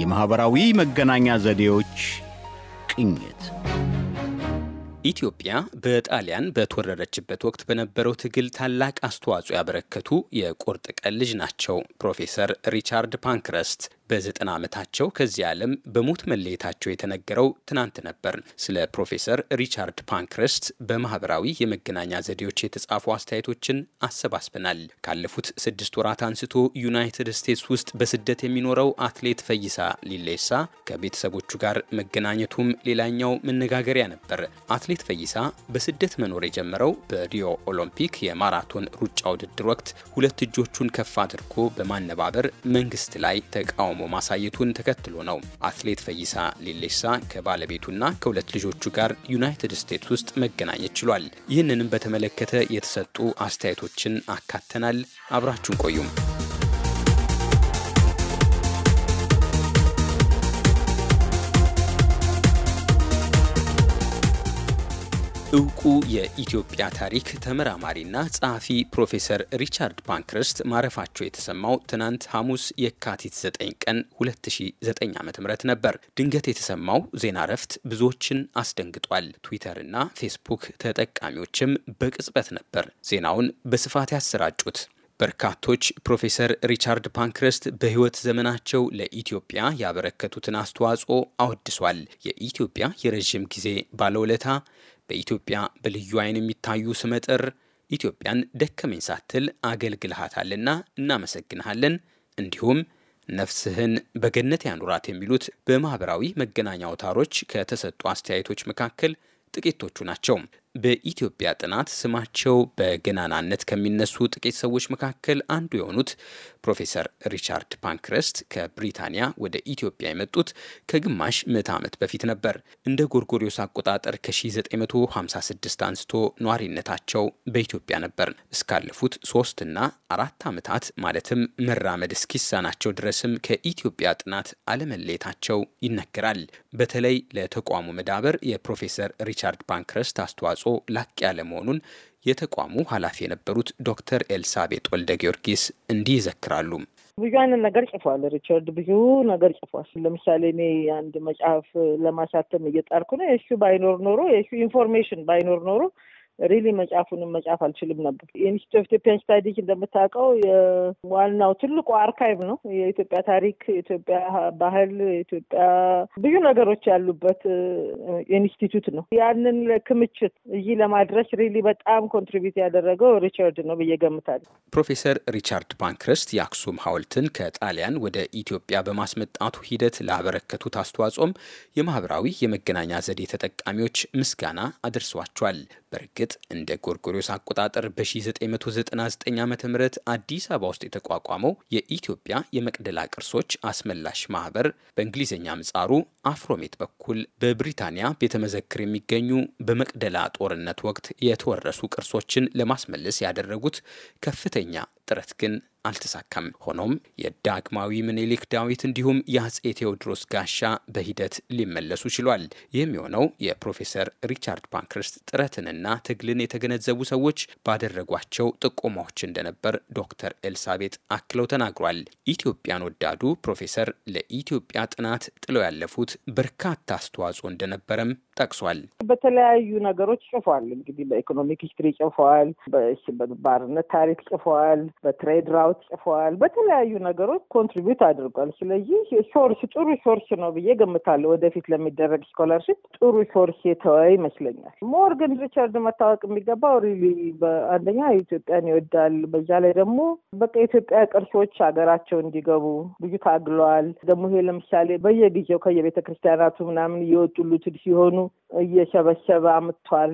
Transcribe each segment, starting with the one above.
የማኅበራዊ መገናኛ ዘዴዎች ቅኝት ኢትዮጵያ በጣሊያን በተወረረችበት ወቅት በነበረው ትግል ታላቅ አስተዋጽኦ ያበረከቱ የቁርጥ ቀን ልጅ ናቸው ፕሮፌሰር ሪቻርድ ፓንክረስት በዘጠና ዓመታቸው ከዚህ ዓለም በሞት መለየታቸው የተነገረው ትናንት ነበር። ስለ ፕሮፌሰር ሪቻርድ ፓንክረስት በማህበራዊ የመገናኛ ዘዴዎች የተጻፉ አስተያየቶችን አሰባስበናል። ካለፉት ስድስት ወራት አንስቶ ዩናይትድ ስቴትስ ውስጥ በስደት የሚኖረው አትሌት ፈይሳ ሊሌሳ ከቤተሰቦቹ ጋር መገናኘቱም ሌላኛው መነጋገሪያ ነበር። አትሌት ፈይሳ በስደት መኖር የጀመረው በሪዮ ኦሎምፒክ የማራቶን ሩጫ ውድድር ወቅት ሁለት እጆቹን ከፍ አድርጎ በማነባበር መንግስት ላይ ተቃውሞ ተቃውሞ ማሳየቱን ተከትሎ ነው አትሌት ፈይሳ ሊሌሳ ከባለቤቱና ከሁለት ልጆቹ ጋር ዩናይትድ ስቴትስ ውስጥ መገናኘት ችሏል። ይህንንም በተመለከተ የተሰጡ አስተያየቶችን አካተናል። አብራችሁን ቆዩም። እውቁ የኢትዮጵያ ታሪክ ተመራማሪና ጸሐፊ ፕሮፌሰር ሪቻርድ ፓንክረስት ማረፋቸው የተሰማው ትናንት ሐሙስ የካቲት 9 ቀን 2009 ዓ.ም ነበር። ድንገት የተሰማው ዜና እረፍት ብዙዎችን አስደንግጧል። ትዊተርና ፌስቡክ ተጠቃሚዎችም በቅጽበት ነበር ዜናውን በስፋት ያሰራጩት። በርካቶች ፕሮፌሰር ሪቻርድ ፓንክረስት በሕይወት ዘመናቸው ለኢትዮጵያ ያበረከቱትን አስተዋጽኦ አወድሷል። የኢትዮጵያ የረዥም ጊዜ ባለውለታ በኢትዮጵያ በልዩ አይን የሚታዩ ስመጥር ኢትዮጵያን ደከመኝ ሳትል አገልግልሃታልና እናመሰግንሃለን፣ እንዲሁም ነፍስህን በገነት ያኑራት የሚሉት በማህበራዊ መገናኛ አውታሮች ከተሰጡ አስተያየቶች መካከል ጥቂቶቹ ናቸው። በኢትዮጵያ ጥናት ስማቸው በገናናነት ከሚነሱ ጥቂት ሰዎች መካከል አንዱ የሆኑት ፕሮፌሰር ሪቻርድ ፓንክረስት ከብሪታንያ ወደ ኢትዮጵያ የመጡት ከግማሽ ምዕተ ዓመት በፊት ነበር። እንደ ጎርጎሪዮስ አቆጣጠር ከ1956 አንስቶ ነዋሪነታቸው በኢትዮጵያ ነበር። እስካለፉት ሶስትና አራት ዓመታት ማለትም መራመድ እስኪሳናቸው ድረስም ከኢትዮጵያ ጥናት አለመለየታቸው ይነገራል። በተለይ ለተቋሙ መዳበር የፕሮፌሰር ሪቻርድ ፓንክረስት አስተዋጽኦ አስተዋጽኦ ላቅ ያለ መሆኑን የተቋሙ ኃላፊ የነበሩት ዶክተር ኤልሳቤጥ ወልደ ጊዮርጊስ እንዲህ ይዘክራሉ። ብዙ አይነት ነገር ጽፏል ሪቻርድ፣ ብዙ ነገር ጽፏል። ለምሳሌ እኔ አንድ መጽሐፍ ለማሳተም እየጣርኩ ነው። የሱ ባይኖር ኖሮ የሱ ኢንፎርሜሽን ባይኖር ኖሮ ሪሊ መጽሐፉንም መጽሐፍ አልችልም ነበር። የኢንስቲትዩት ኦፍ ኢትዮጵያን እንደምታውቀው ዋናው ትልቁ አርካይቭ ነው። የኢትዮጵያ ታሪክ፣ የኢትዮጵያ ባህል፣ የኢትዮጵያ ብዙ ነገሮች ያሉበት ኢንስቲቱት ነው። ያንን ክምችት እዚህ ለማድረስ ሪሊ በጣም ኮንትሪቢዩት ያደረገው ሪቻርድ ነው ብዬ ገምታለሁ። ፕሮፌሰር ሪቻርድ ባንክረስት የአክሱም ሐውልትን ከጣሊያን ወደ ኢትዮጵያ በማስመጣቱ ሂደት ላበረከቱት አስተዋጽኦም የማህበራዊ የመገናኛ ዘዴ ተጠቃሚዎች ምስጋና አድርሷቸዋል። በእርግጥ በእርግጥ እንደ ጎርጎሪዮስ አቆጣጠር በ1999 ዓ ም አዲስ አበባ ውስጥ የተቋቋመው የኢትዮጵያ የመቅደላ ቅርሶች አስመላሽ ማህበር በእንግሊዝኛ ምጻሩ አፍሮሜት በኩል በብሪታንያ ቤተመዘክር የሚገኙ በመቅደላ ጦርነት ወቅት የተወረሱ ቅርሶችን ለማስመለስ ያደረጉት ከፍተኛ ጥረት ግን አልተሳካም። ሆኖም የዳግማዊ ምኒልክ ዳዊት እንዲሁም የአጼ ቴዎድሮስ ጋሻ በሂደት ሊመለሱ ችሏል። የሚሆነው የፕሮፌሰር ሪቻርድ ፓንክርስት ጥረትንና ትግልን የተገነዘቡ ሰዎች ባደረጓቸው ጥቆማዎች እንደነበር ዶክተር ኤልሳቤጥ አክለው ተናግሯል። ኢትዮጵያን ወዳዱ ፕሮፌሰር ለኢትዮጵያ ጥናት ጥለው ያለፉት በርካታ አስተዋጽኦ እንደነበረም ጠቅሷል። በተለያዩ ነገሮች ጽፏል እንግዲህ በኢኮኖሚክ ሂስትሪ ጽፏል በባርነት ታሪክ ጽፏል፣ በትሬድ ራውት ጽፏል። በተለያዩ ነገሮች ኮንትሪቢዩት አድርጓል። ስለዚህ ሶርስ ጥሩ ሶርስ ነው ብዬ ገምታለሁ። ወደፊት ለሚደረግ ስኮላርሽፕ ጥሩ ሶርስ የተወ ይመስለኛል። ሞር ግን ሪቻርድ መታወቅ የሚገባው ሪሊ አንደኛ ኢትዮጵያን ይወዳል። በዛ ላይ ደግሞ በቃ የኢትዮጵያ ቅርሶች ሀገራቸው እንዲገቡ ብዙ ታግለዋል። ደግሞ ይሄ ለምሳሌ በየጊዜው ከየቤተ ክርስቲያናቱ ምናምን እየወጡ ሉትድ ሲሆኑ እየሸበሸበ አምጥቷል።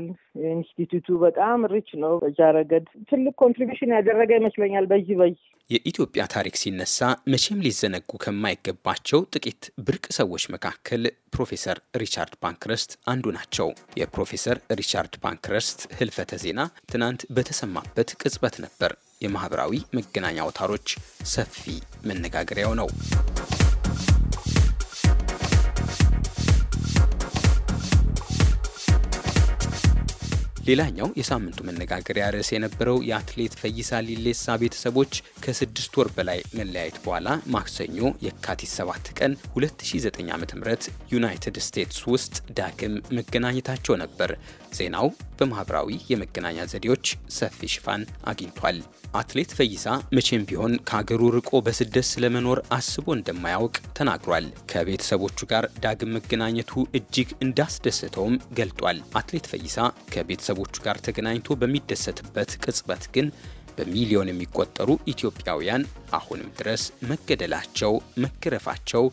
ኢንስቲትዩቱ በጣም ሪች ነው። በዛ ረገድ ትልቅ ኮንትሪቢሽን ያደረገ ይመስለኛል። በዚህ በዥ የኢትዮጵያ ታሪክ ሲነሳ መቼም ሊዘነጉ ከማይገባቸው ጥቂት ብርቅ ሰዎች መካከል ፕሮፌሰር ሪቻርድ ባንክረስት አንዱ ናቸው። የፕሮፌሰር ሪቻርድ ባንክረስት ህልፈተ ዜና ትናንት በተሰማበት ቅጽበት ነበር የማህበራዊ መገናኛ አውታሮች ሰፊ መነጋገሪያው ነው። ሌላኛው የሳምንቱ መነጋገሪያ ርዕስ የነበረው የአትሌት ፈይሳ ሊሌሳ ቤተሰቦች ከስድስት ወር በላይ መለያየት በኋላ ማክሰኞ የካቲት 7 ቀን 2009 ዓ.ም ዩናይትድ ስቴትስ ውስጥ ዳግም መገናኘታቸው ነበር። ዜናው በማህበራዊ የመገናኛ ዘዴዎች ሰፊ ሽፋን አግኝቷል። አትሌት ፈይሳ መቼም ቢሆን ከሀገሩ ርቆ በስደት ስለመኖር አስቦ እንደማያውቅ ተናግሯል። ከቤተሰቦቹ ጋር ዳግም መገናኘቱ እጅግ እንዳስደሰተውም ገልጧል። አትሌት ፈይሳ ከቤተሰ ቤተሰቦቹ ጋር ተገናኝቶ በሚደሰትበት ቅጽበት ግን በሚሊዮን የሚቆጠሩ ኢትዮጵያውያን አሁንም ድረስ መገደላቸው፣ መገረፋቸው፣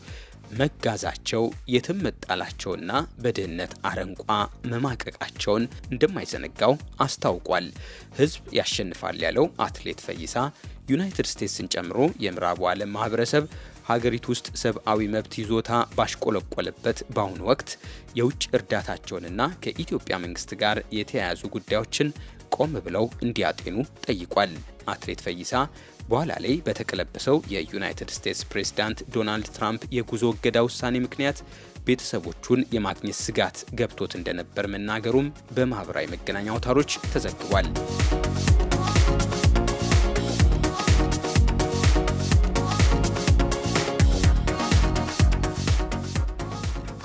መጋዛቸው፣ የትም መጣላቸውና በድህነት አረንቋ መማቀቃቸውን እንደማይዘነጋው አስታውቋል። ሕዝብ ያሸንፋል ያለው አትሌት ፈይሳ ዩናይትድ ስቴትስን ጨምሮ የምዕራቡ ዓለም ማህበረሰብ ሀገሪቱ ውስጥ ሰብአዊ መብት ይዞታ ባሽቆለቆለበት በአሁኑ ወቅት የውጭ እርዳታቸውንና ከኢትዮጵያ መንግስት ጋር የተያያዙ ጉዳዮችን ቆም ብለው እንዲያጤኑ ጠይቋል። አትሌት ፈይሳ በኋላ ላይ በተቀለበሰው የዩናይትድ ስቴትስ ፕሬዝዳንት ዶናልድ ትራምፕ የጉዞ እገዳ ውሳኔ ምክንያት ቤተሰቦቹን የማግኘት ስጋት ገብቶት እንደነበር መናገሩም በማኅበራዊ መገናኛ አውታሮች ተዘግቧል።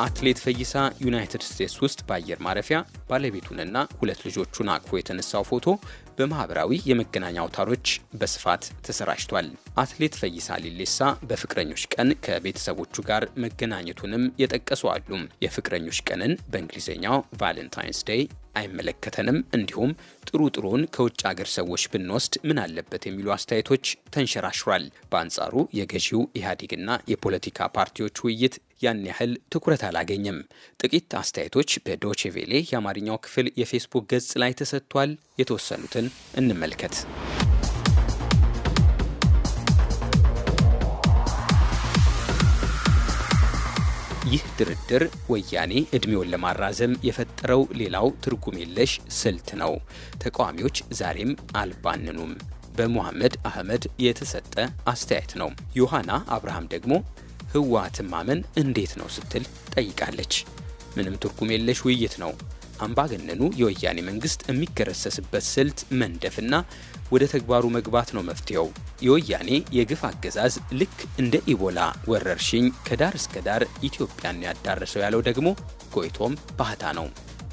አትሌት ፈይሳ ዩናይትድ ስቴትስ ውስጥ በአየር ማረፊያ ባለቤቱንና ሁለት ልጆቹን አቅፎ የተነሳው ፎቶ በማህበራዊ የመገናኛ አውታሮች በስፋት ተሰራጭቷል። አትሌት ፈይሳ ሊሌሳ በፍቅረኞች ቀን ከቤተሰቦቹ ጋር መገናኘቱንም የጠቀሱ አሉ። የፍቅረኞች ቀንን በእንግሊዝኛው ቫለንታይንስ ዴይ አይመለከተንም፣ እንዲሁም ጥሩ ጥሩን ከውጭ አገር ሰዎች ብንወስድ ምን አለበት የሚሉ አስተያየቶች ተንሸራሽሯል። በአንጻሩ የገዢው ኢህአዴግና የፖለቲካ ፓርቲዎች ውይይት ያን ያህል ትኩረት አላገኘም። ጥቂት አስተያየቶች በዶቼቬሌ የአማርኛው ክፍል የፌስቡክ ገጽ ላይ ተሰጥቷል። የተወሰኑትን እንመልከት። ይህ ድርድር ወያኔ ዕድሜውን ለማራዘም የፈጠረው ሌላው ትርጉም የለሽ ስልት ነው። ተቃዋሚዎች ዛሬም አልባንኑም። በሙሐመድ አህመድ የተሰጠ አስተያየት ነው። ዮሐና አብርሃም ደግሞ ህወሓትን ማመን እንዴት ነው ስትል ጠይቃለች። ምንም ትርጉም የለሽ ውይይት ነው አምባገነኑ የወያኔ መንግስት የሚገረሰስበት ስልት መንደፍና ወደ ተግባሩ መግባት ነው መፍትሄው። የወያኔ የግፍ አገዛዝ ልክ እንደ ኢቦላ ወረርሽኝ ከዳር እስከ ዳር ኢትዮጵያን ያዳረሰው ያለው ደግሞ ጎይቶም ባህታ ነው።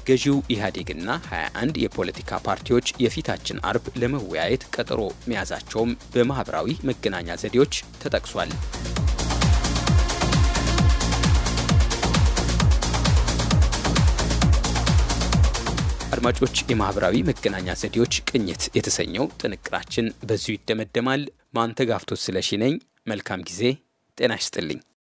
ገዢው ኢህአዴግና 21 የፖለቲካ ፓርቲዎች የፊታችን አርብ ለመወያየት ቀጠሮ መያዛቸውም በማኅበራዊ መገናኛ ዘዴዎች ተጠቅሷል። አድማጮች፣ የማህበራዊ መገናኛ ዘዴዎች ቅኝት የተሰኘው ጥንቅራችን በዚሁ ይደመደማል። ማንተጋፍቶት ስለሺ ነኝ። መልካም ጊዜ። ጤና ይስጥልኝ።